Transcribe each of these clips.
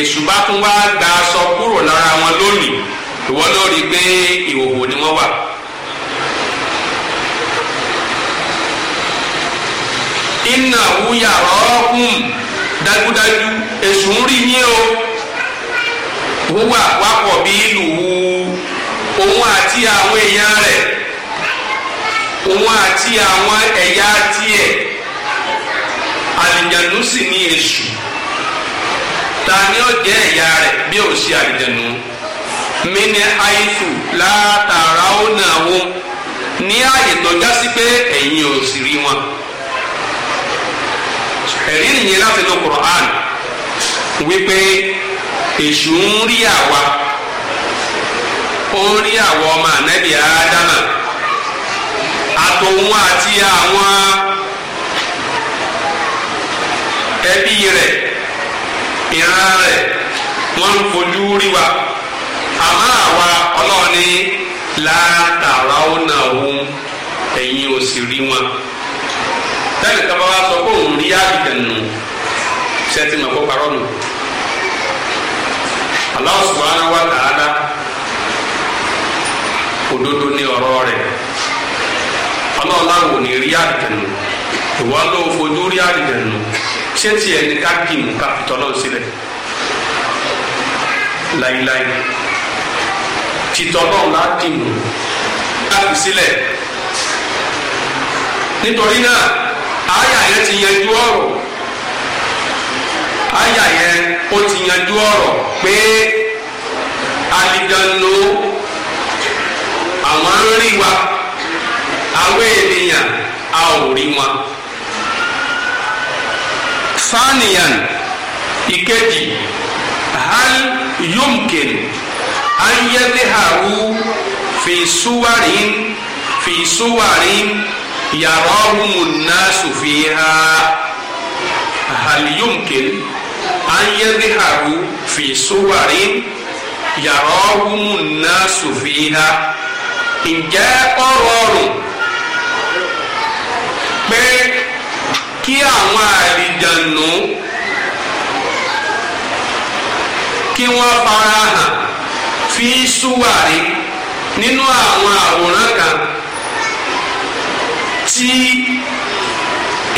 èṣù bá tún wá gba aṣọ kúrò lára wọn lónìí ìwọ ló rí i pé ìhòòhò ni wọ́n wà. iná wúyà rọ́ọ̀kùn dájúdájú èṣù ń rí yín o wúwà wápọ̀ bí ìlú òun àti àwọn èèyàn rẹ̀ òun àti àwọn ẹ̀yà tiẹ̀ àlìjàndùn sì ní èṣù ta ni ó jẹ́ ẹ̀yà rẹ̀ bí ó ṣe àlìjẹ̀nu mi ni àìsù látara ó nà wó ní ààyè tó já sí pé ẹ̀yin ò sì rí wọn ẹ̀rí nìyẹn láti lọ Qur'an wípé èṣù ń rí àwa ó ń rí àwa ọmọ ànábì ádámà àtòun àti àwọn ẹbí rẹ̀ ìran rẹ̀ wọ́n ń fojú rí wa àmọ́ àwa ọlọ́ọ̀ni látara ó nà òun ẹ̀yin ò sì rí wọn tẹ́lẹ̀ kan bá wa sọ pé òun rí àbìdẹ̀nù sẹ́tì mọ̀ kó parọ́ nù Allah subhanahu wa ta'ala òdodo ní ọ̀rọ̀ rẹ̀ ọlọ́ọ̀lá wò ní rí àbìdẹ̀nù ìwọ́n ló fojú rí àbìdẹ̀nù ṣé tiẹ̀ ní ká kì í ká fìtọ́ lọ́wọ́ sílẹ̀ láíláí tìtọ́ náà lá kì í ká fi sílẹ̀ nítorí náà àyà yẹn ti yanjú ọ̀rọ̀ àyà yẹn ó ti yanjú ọ̀rọ̀ pé alìdánlò àwọn ń wa àwọn ènìyàn a ò rí wọn. ثانيا إكدي هل يمكن أن يظهروا في صور في صور يراهم الناس فيها هل يمكن أن يظهروا في صور يراهم الناس فيها إن جاء قرار kí àwọn àlìjànú kí wọ́n fara hàn fi súwárí nínú àwọn àwòrán kan tí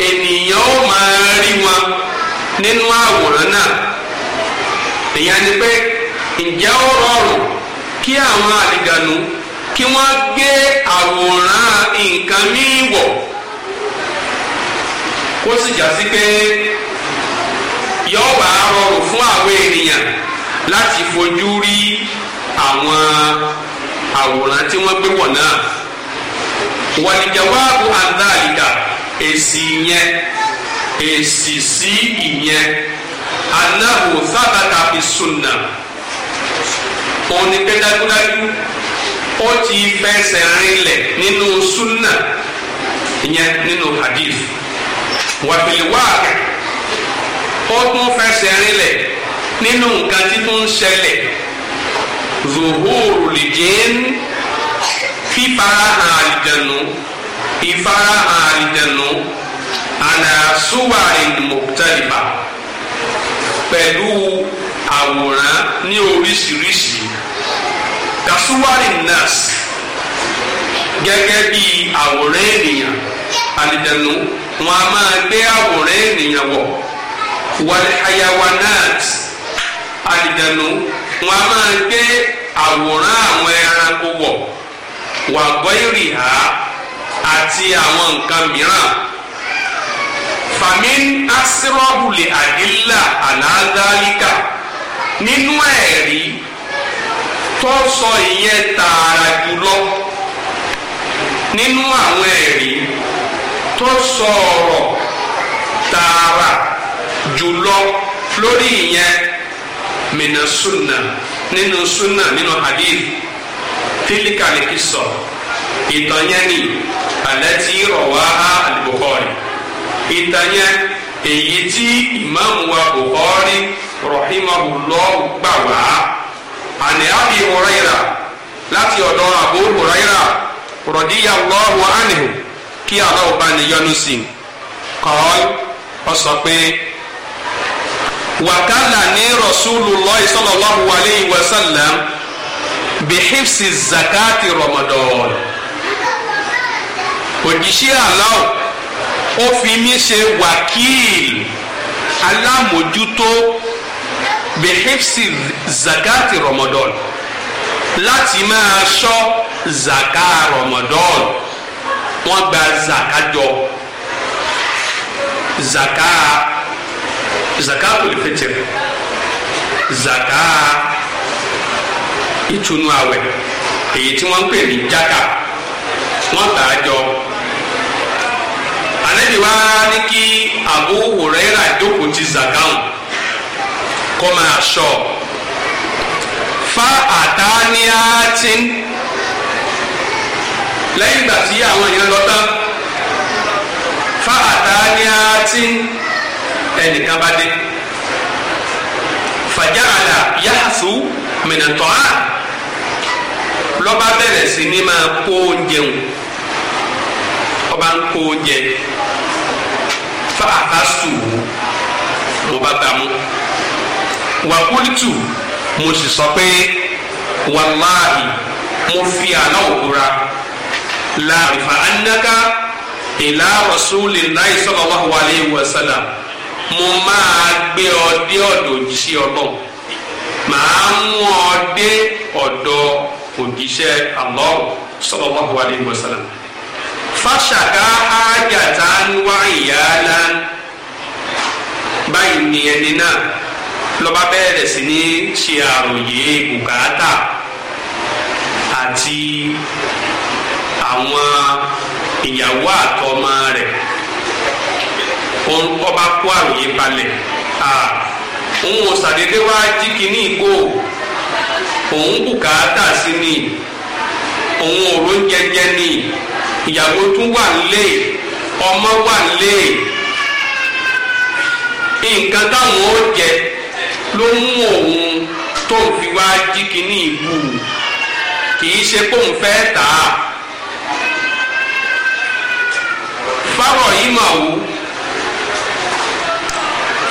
ènìyàn ó máa rí wọn nínú àwòrán náà èèyàn ni pé ǹjẹ́ ó rọrùn kí àwọn àlìjànú kí wọ́n àwòrán nǹkan ó sì já sí pé yóò rọrùn fún àwọn ènìyàn láti fojú rí àwọn àwòrán tí wọ́n gbé wọ̀ náà wàlìjàwáàbù àdáàlìkà èsì yẹn èsì sí ìyẹn anáhù sábàtà fi sunna òun ni ó ti fẹsẹ̀ rinlẹ̀ nínú ìyẹn nínú hadith. wàbíliwáàkì ó tún fẹsẹ̀ rinlẹ̀ nínú nǹkan títún ṣẹlẹ̀ zuhuru lìjìn fífarahàn àlìjẹnu ìfarahàn ana àlàsúwàrin mọ̀tẹ́lìbà pẹ̀lú àwòrán ní oríṣiríṣi tasuwari nurse gẹ́gẹ́ bí àwòrán àlìjẹnu wọn a máa gbé àwòrán ènìyàn wọ̀ wọlé hayawanat àlìjẹnu wọn a máa gbé àwòrán àwọn ẹranko wọ̀ wà gbọ́yìrì ha àti àwọn nǹkan mìíràn famin asirọ́bùlì àdìlà àlàáńdálíkà nínú ẹ̀rí tó sọ ìyẹn tààrà jùlọ nínú àwọn ẹ̀rí tó sọ̀rọ̀ tààrà jùlọ lórí ìyẹn mina sunna nínú sunna nínú hadith tilka likisọ ìtàn yẹn ni alati rawaha al-Bukhari ìtàn yẹn èyí tí ìmáàmù wa Bukhari rahimahullah gbà wá àní Abi Hurairah láti ọ̀dọ̀ Abu Hurairah radiyallahu anhu kí aláwọ̀ bá ní yọnu sí i kọ́ ọ sọ pé wàkàlà ní Rasulullah sallallahu alayhi wa sallam bihifsi zakati Ramadan òjíṣẹ́ aláwọ̀ ó fi mí ṣe wákìlì alámòjútó bihifsi zakati Ramadan láti máa ṣọ́ zaka Ramadan wọ́n gba zaka jọ zaka zaka tòlè fẹ̀tẹ̀ zaka ìtùnú àwẹ̀ èyí tí wọ́n ń pè ní jaka wọ́n gbà jọ anabi wa ní kí Abu Huraira jókòó ti zaka hàn kọ́ máa sọ fa àtàníyàtì lẹ́yìn ìgbà tí àwọn èèyàn lọ tán fáàtà ni a ti ẹnìkan bá dé fàjáàlà yáàsù mìnàtọ́ á lọ́ba bẹ̀rẹ̀ sí ní máa kó oúnjẹ wù ọba ń kó oúnjẹ fáàtà sùn mo bá bá mu wàkúlìtù mo sì sọ pé wàláhì mo fi àná òkúra láàrífà annaka ìlà rasulillahi sallallahu alayhi wa sallam mo máa gbé ọ dé ọ̀dọ̀ òjíṣẹ́ ọlọ́run màá mú ọ dé ọ̀dọ̀ òjíṣẹ́ Allah sallallahu alayhi wa sallam fàṣàkà ájàtà ń ìyáàlá báyìí ni ẹni náà lọ́ba bẹ̀rẹ̀ sí ní ṣe àròyé bùkátà àti àwọn ìyàwó àtọmọ rẹ̀ ọba kó àròyé balẹ̀ òun ò ṣàdédé wá jí kínní ìkó òun bùkátà sí ni òun ò ló ń jẹjẹ ni ìyàwó tún wà nílé ọmọ wà nílé nǹkan táwọn ó jẹ ló mú òun tó fi wá jí kínní ìbú kì í ṣe pé òun fẹ́ tà á. fáwọ̀ yìí mọ̀ wú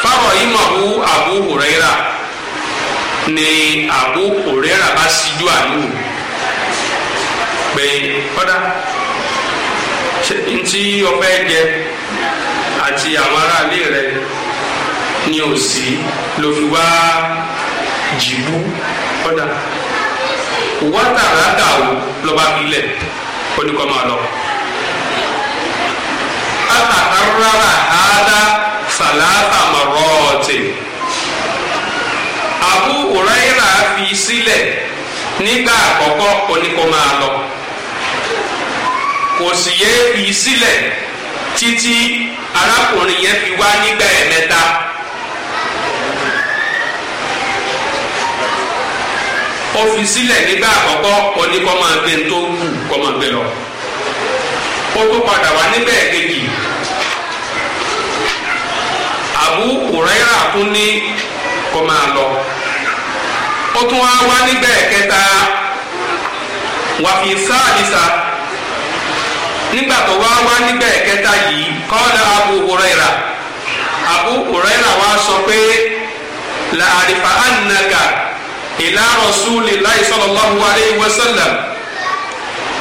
fáwọ̀ yìí mọ̀ wú Abu Huraira ni Abu Huraira bá síjú àánú pé kọ́dá ntí ọbẹ̀ jẹ àti àwọn aráàlú rẹ ni ò sí ló fi wá jìbú kọ́dá wọ́n tààrà dà ó lọ́ba ilẹ̀ ó ní kọ́ máa lọ tàkàrọ̀rà àádá sàlátà mọ̀rọ̀ọ̀tì. Abu Huraira fi sílẹ̀ nígbà àkọ́kọ́ oníkó máa lọ kò sì yé fi sílẹ̀ títí arákùnrin yẹn fi wá nígbà ẹ̀mẹ́ta. ó fi sílẹ̀ nígbà àkọ́kọ́ oníkó máa gbé tó kó máa gbé lọ ó tó padà wá níbẹ̀ kejì Abu Huraira tún ní kó máa lọ ó tún wá wá níbẹ̀ kẹta wàfi sáàdìsá nígbà tó wá wá níbẹ̀ kẹta yìí kọ́lá Abu Huraira Abu Huraira wá sọ pé la àrífà ànàkà ìlà Rasulillahi sallallahu alayhi wa sallam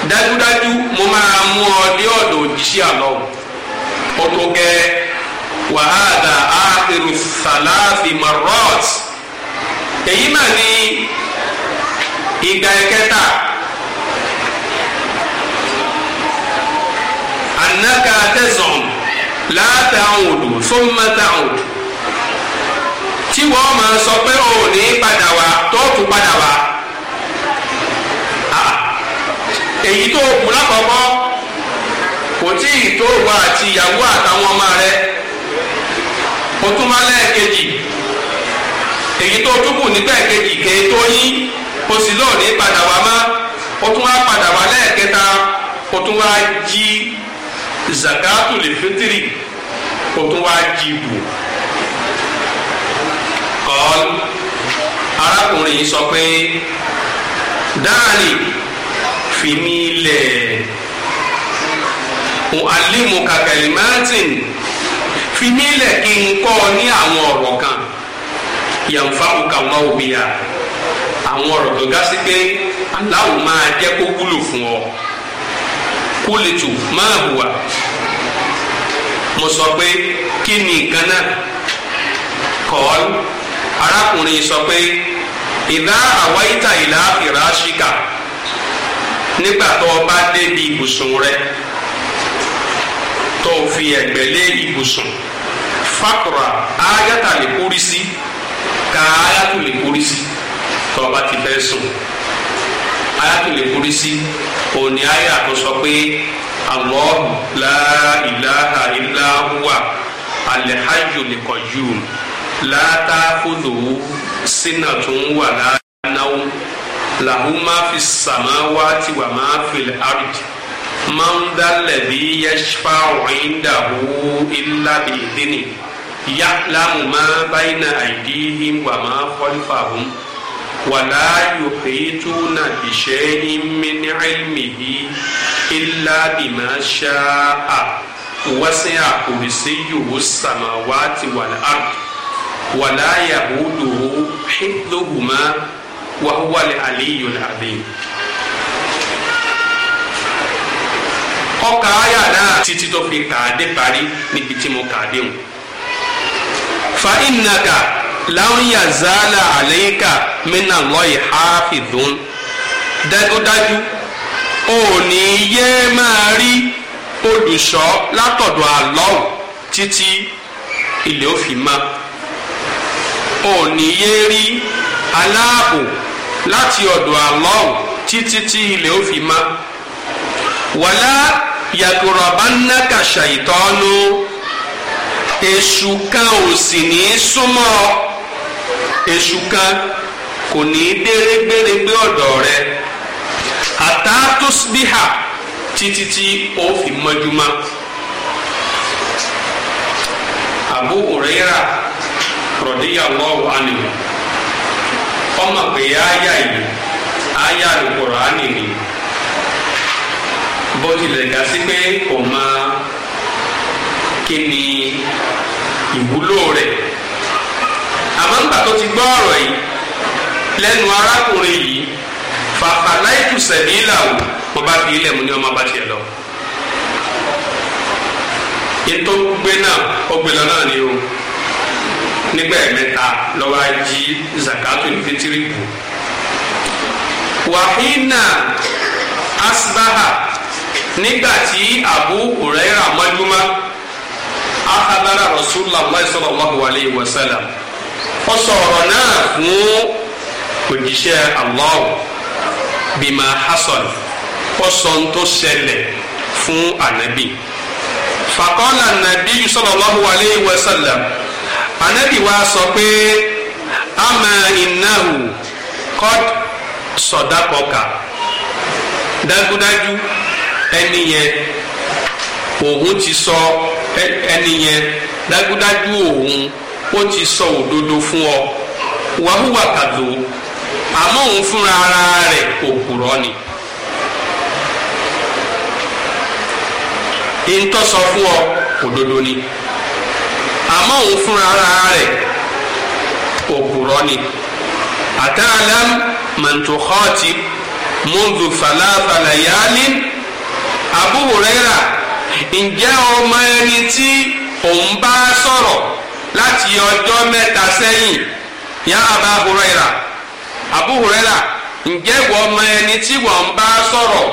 dájúdájú mo máa mú ọ ní ọ̀dọ̀ òjíṣẹ́ àlọ́ o tó gẹ́ wàhálà àhìrù sàláàfì marot èyí mà ní ìgbà ẹ̀kẹta anaka tẹsán látàwùdù fúnmátàwùdù tí wọ́n máa sọ pé òní padà wá tó tún padà wá. tó kù lákọ̀ọ́kọ́ kò tí ì tó wà àti ìyàwó àtàwọn ọmọ rẹ o tún máa lẹ́ẹ̀kejì èyí tó túkù nígbà kejì kéé tó yín o sì lóò ní padà wá mọ́ o tún wá padà wá lẹ́ẹ̀kẹta o tún wá jí zakatu lè fitiri o tún wá jí bù kọ́ arákùnrin yìí sọ pé dáàlì fi mí lẹ̀ alimu kakali martin fi mí lẹ̀ kí n kọ́ ọ ní àwọn ọ̀rọ̀ kan yànfà òkàwọ́ òbí ya àwọn ọ̀rọ̀ tó ga sí pé aláwo máa jẹ́ kó wúlò fún ọ kó lè tù máa hùwà mo sọ pé kí ni nǹkan náà kọ́ọ́lù arákùnrin sọ pé ìdá àwáyíta ìlà ìràṣíkà nígbà tó o bá débi ibùsùn rẹ tó o fi ẹ̀gbẹ́ lé ibùsùn fakura ayata lè kórí sí ka ayatu lè kórí sí tó o bá ti fẹ́ sùn ayatu lè kórí sí òní aya tó sọ pé Allahu la ilaha illa huwa al-hayyul qayyum la ta'khudhuhu sinatun wa la nawm lahu ma fi samawati wa ma fil ardi man dalladhi yashfa'u 'indahu illa bi idhni ya'lamu ma bayna aydihim wa ma khalfahum wa la yuhituna bi shay'in min 'ilmihi illa bima sha'a wasi'a kursiyyuhu as-samawati wal ardi wa la yahuduhu hifdhuhuma وهو huwa al-aliyyul azim. ọkà àyà náà títí tó fi kàdé parí níbi tí mo kàdé wọn. fa innaka lan yazala alayka minallahi hafidhun dájúdájú ò ní yé máa rí olùṣọ́ látọ̀dọ̀ Allah títí ilé òfin máa ò ní yé rí aláàbò láti ọ̀dọ̀ Allah títí tí ilẹ̀ ó fi mọ́ wàlá yàgòròbánàkà ṣàìtọ́nù èṣù kan ò sì ní í súnmọ́ èṣù kan kò ní í dérégbérégbé ọ̀dọ̀ rẹ àtàtúsbíhà títí tí ó fi mọ́júmọ́ Abu Huraira radiyallahu anhu kọ́ mọ̀ pé áyà yìí áyà Al-Kùránì ni bó tilẹ̀ ga sí pé kò mọ kí ni ìwúlò rẹ̀ àmọ́ nígbà tó ti gbọ́ ọ̀rọ̀ yìí lẹ́nu arákùnrin yìí fàfà láìpù sẹ̀mí làwù mo bá fi ilẹ̀ mu ní ọmọ bá lọ ètò gbé náà ó gbé lọ náà ni o nígbà mẹ́ta lọ́wọ́ ají zakato fitiri kù. wàhínà asbaha nígbà tí abu huraira mọ́júmá akabara rasulullah sallallahu alayhi wa sallam ó sọ̀rọ̀ náà fún òjíṣẹ́ allah bima hasan ó sọ ń tó ṣẹlẹ̀ fún anabi faqala anabi sallallahu alayhi wa sallam. anabi wa sọ pé ama innahu qad sadaqaka dájúdájú ẹni yẹn òun ti sọ ẹni yẹn dájúdájú òun ó ti sọ òdodo fún ọ wàhùwà kàdó àmọ́ òun fúnra ara rẹ̀ òpùrọ́ ni. ntọ́sọ fún ọ òdodo ni. àmọ́ òun fúnra rẹ̀ òpùrọ́ ni àtàlám mọ̀ntòkọ́ọ̀tì mọ́ndù fàlàfàlàyálì Abu Huraira ǹjẹ́ ọmọ ẹni tí òun bá sọ̀rọ̀ láti ọjọ́ mẹ́ta sẹ́yìn yá Abu Huraira Abu Huraira ǹjẹ́ ìwọ ọmọ ẹni tí wọ́n ń bá sọ̀rọ̀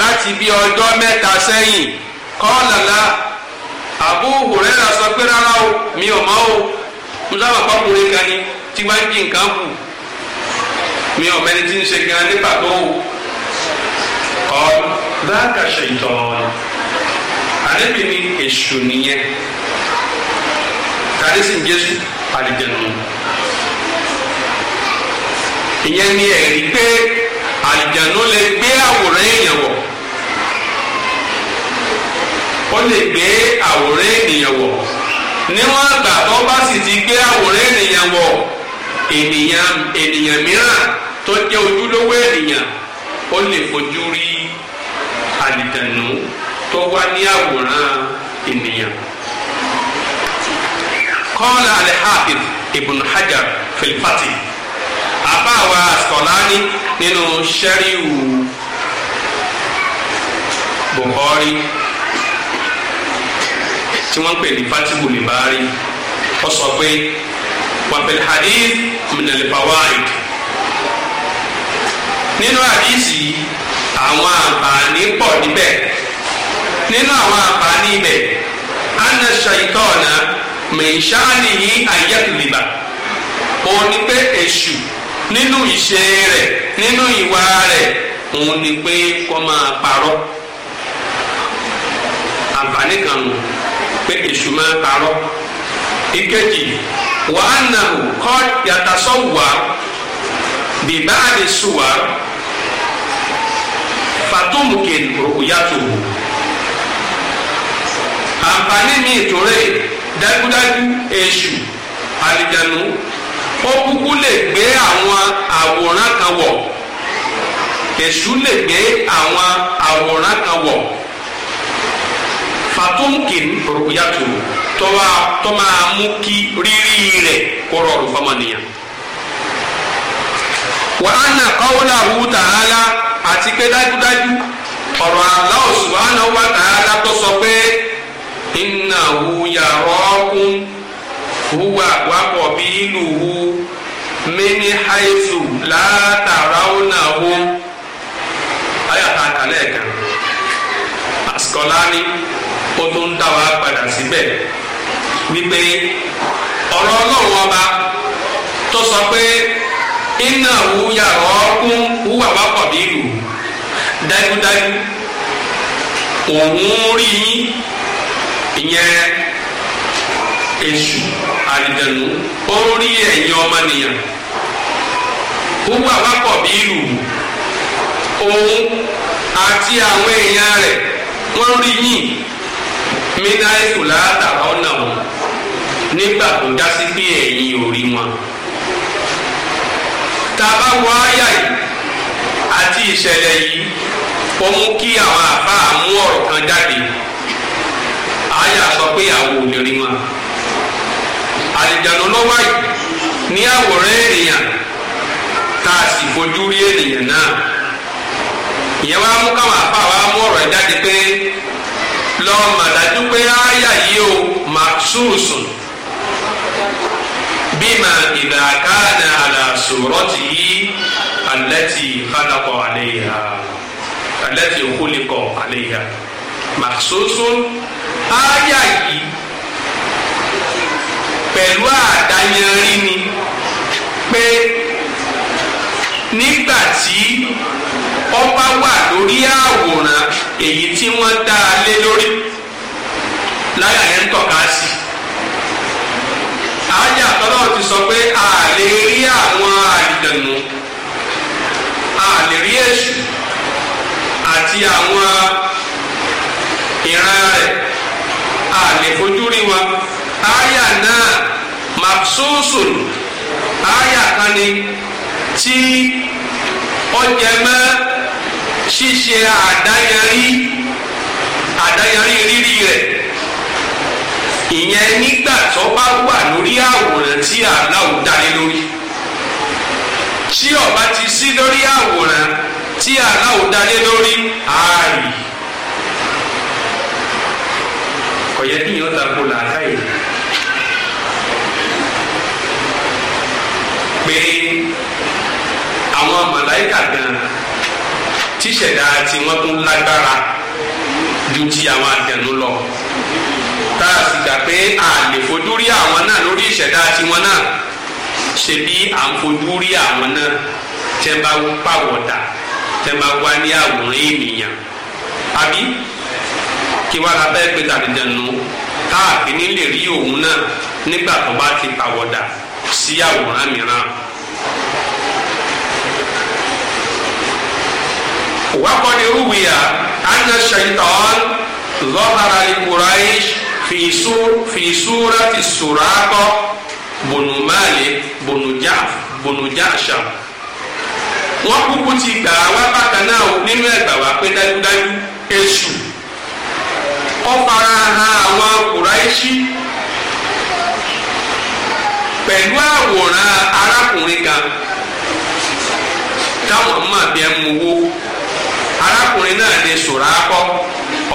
láti bí ọjọ́ mẹ́ta sẹ́yìn kọ́ lọ́la. Abu Hurairah sọ pé rárá o mi ò mọ̀ o mo sábà pàkúrẹ́ kan ni tí máa ń jí nǹkan kù mi ò mẹ́ni tí ń ṣe gan ní pàtó o. ọ̀n dáàkà ṣètọ́n àlébì ni èṣù nìyẹn tàbí sì ń jésù àlìjẹnu ìyẹn ni ẹ̀rí pé àlìjẹnu lè gbé àwòrán èèyàn wọ̀. ó lè gbé àwòrán ènìyàn wọ̀ níwọ̀n àgbà tó bá sì ti gbé àwòrán ènìyàn wọ̀ ènìyàn mìíràn tó jẹ́ ojúlówó ènìyàn ó lè fojú rí àlìdànù tó wá ní àwòrán ènìyàn. قال wa nínú sẹ́ríù tí wọ́n ń pè ní fatibu nìbárí ó sọ pé wàbẹ̀lì hadith minali fawaid nínú àdìsí àwọn àǹfààní pọ̀ níbẹ̀ nínú àwọn àǹfààní ibẹ̀ anna shaitana mẹ̀ṣáàní ní ayẹ́kùnlébà òun ni pé èṣù nínú ìṣe rẹ̀ nínú ìwà rẹ̀ òun ni pé kó máa parọ́ àǹfààní kan nù pé èṣù máa ń parọ́ ìkejì wàá nà kọ́ yàtàsọ́ wà bìbá àdè sùwà fatumkin rukuyatuhu àǹfààní mi ìtòrè dájúdájú èṣù àlìjánu ó kúkú lè gbé àwọn àwòrán kan wọ̀ èṣù lè gbé àwọn àwòrán kan wọ̀ fatumkin ruyatu tọwa tọma mú kí rírí rẹ̀ kó rọrùn fọmọnìyàn. wa anna qawlahu ta'ala àti pé dájúdájú ọ̀rọ̀ Allah subhanahu wa ta'ala tó sọ pé innahu yarakum huwa wa qabiluhu min haythu la tarawnahum ayàtà kàlẹ́ kan àsìkò láàrin ó tó ń dá wa padà síbẹ̀ wípé ọ̀rọ̀ ọlọ́run ọba tó sọ pé iná wúyà ọ̀ọ́kún wúwà wá pọ̀ bí ìlú dájúdájú òun rí ìyẹn èṣù àdìdànù ó rí ẹ̀yin ọmọnìyàn wúwà wá pọ̀ bí ìlú òun àti àwọn èèyàn rẹ̀ wọ́n rí yín mínáìkù látara ọ̀nà wọn nígbà tó já sí pé ẹ̀yìn ò rí wọn. tàbá wọ àyà yìí àti ìṣẹ̀lẹ̀ yìí ó mú kí àwọn àbá mú ọ̀rọ̀ kan jáde àyà sọ pé àwọn ò lè rí wọn. yìí ní àwòrán ènìyàn tá a sì fojú rí ènìyàn náà ìyẹn wá mú káwọn mahsusun بما إذا كان على صورته التي خلق عليها التي khuliqa عليها mahsusun aya yìí pẹ̀lú àdáyanrí ni pé nígbà tí ọba wà lórí àwòrán èyí tí wọ́n dá a lé lórí láyà yẹn ń tọ́ka tọ́lọ́ ti sọ pé a lè rí àwọn àdìdànù a lè rí èṣù àti àwọn ìran rẹ̀ a lè fojú rí wọn. Aya náà mabsusun aya kan ni tí ọjẹ mọ́ ṣíṣe àdáyẹrí àdáyẹrí rírí rẹ̀ ìyẹn nígbà tó bá wà lórí àwòrán tí aláwọ̀ dání lórí tí ọba ti sí lórí àwòrán tí aláwọ̀ dání lórí ààrì kọ̀yẹ́ kí yọ̀ọ́ tako làákàyè pé àwọn màláìkà gan tíṣẹ̀dá tí wọ́n tún lágbára ju ti àwọn àdẹ̀nú lọ tá a sì gbà pé a lè fojú rí àwọn náà lórí ìṣẹ̀dá tiwọn náà ṣe bí à ń fojú rí àwọn náà tẹ́ bá pàwọ̀dà tẹ́ bá wá ní àwòrán ènìyàn àbí kí wàá la bẹ́ẹ̀ pé tàbí dẹnu káàkiri lè rí òun náà nígbà tó bá ti pàwọ̀dà sí àwòrán mìíràn. wákọ́ni rúwìyà anna shaitan lọ́bàrà ní Quraish. في سور في سورة السراقة بن مالك بن جعفر wọn kúkú ti gbà wá bákan náà nínú ẹgbà wá pé dájúdájú èṣù ó fara hàn àwọn kùráìṣì pẹ̀lú àwòrán arákùnrin kan táwọn máa bí ẹ arákùnrin náà ní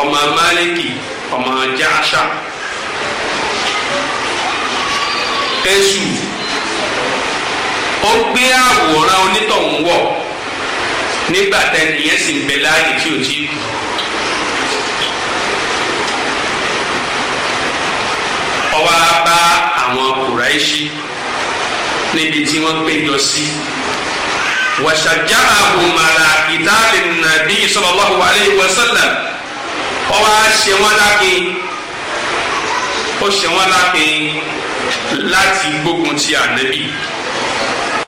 ọmọ ọmọ jaasa Èṣù ó gbé àwòrán onítọ̀hún wọ̀ nígbà tẹ́ni yẹn sì ń bẹ láàyè tí ò tí kú. ọwọ́ bá àwọn kùráìṣì níbi tí wọ́n péjọ sí. wàṣàjà àbùmàrà ìtàlẹ̀ nàbí sallallahu alayhi wa ọba ṣe wọn láke ó ṣe wọn láke láti gbógun ti ànábì.